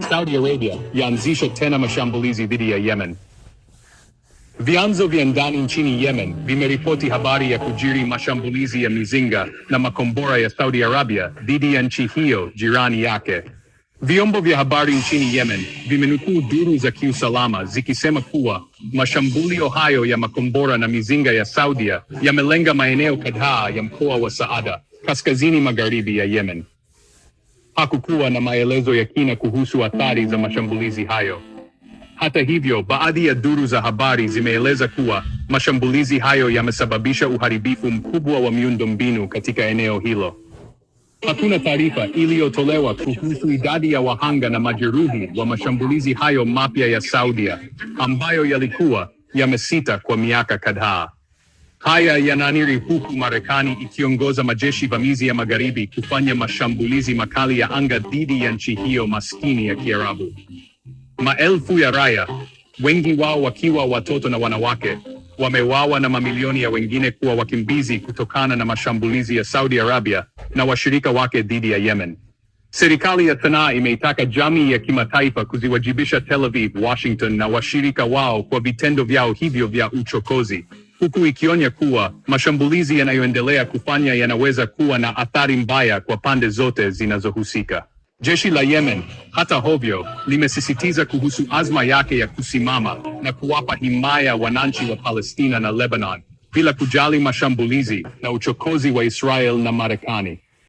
Saudi Arabia yaanzisha tena mashambulizi dhidi ya Yemen. Vyanzo vya ndani nchini Yemen vimeripoti habari ya kujiri mashambulizi ya mizinga na makombora ya Saudi Arabia dhidi ya nchi hiyo jirani yake. Vyombo vya habari nchini Yemen vimenukuu duru za kiusalama zikisema kuwa mashambulio hayo ya makombora na mizinga ya Saudia yamelenga maeneo kadhaa ya mkoa wa Saada kaskazini magharibi ya Yemen hakukuwa na maelezo ya kina kuhusu athari za mashambulizi hayo. Hata hivyo, baadhi ya duru za habari zimeeleza kuwa mashambulizi hayo yamesababisha uharibifu mkubwa wa miundombinu katika eneo hilo. Hakuna taarifa iliyotolewa kuhusu idadi ya wahanga na majeruhi wa mashambulizi hayo mapya ya Saudia ambayo yalikuwa yamesita kwa miaka kadhaa. Haya yananiri huku Marekani ikiongoza majeshi vamizi ya magharibi kufanya mashambulizi makali ya anga dhidi ya nchi hiyo maskini ya Kiarabu. Maelfu ya raia, wengi wao wakiwa watoto na wanawake, wamewawa na mamilioni ya wengine kuwa wakimbizi kutokana na mashambulizi ya Saudi Arabia na washirika wake dhidi ya Yemen. Serikali ya Sanaa imeitaka jamii ya kimataifa kuziwajibisha Tel Aviv, Washington na washirika wao kwa vitendo vyao hivyo vya uchokozi huku ikionya kuwa mashambulizi yanayoendelea kufanya yanaweza kuwa na athari mbaya kwa pande zote zinazohusika. Jeshi la Yemen, hata hovyo limesisitiza kuhusu azma yake ya kusimama na kuwapa himaya wananchi wa Palestina na Lebanon bila kujali mashambulizi na uchokozi wa Israel na Marekani.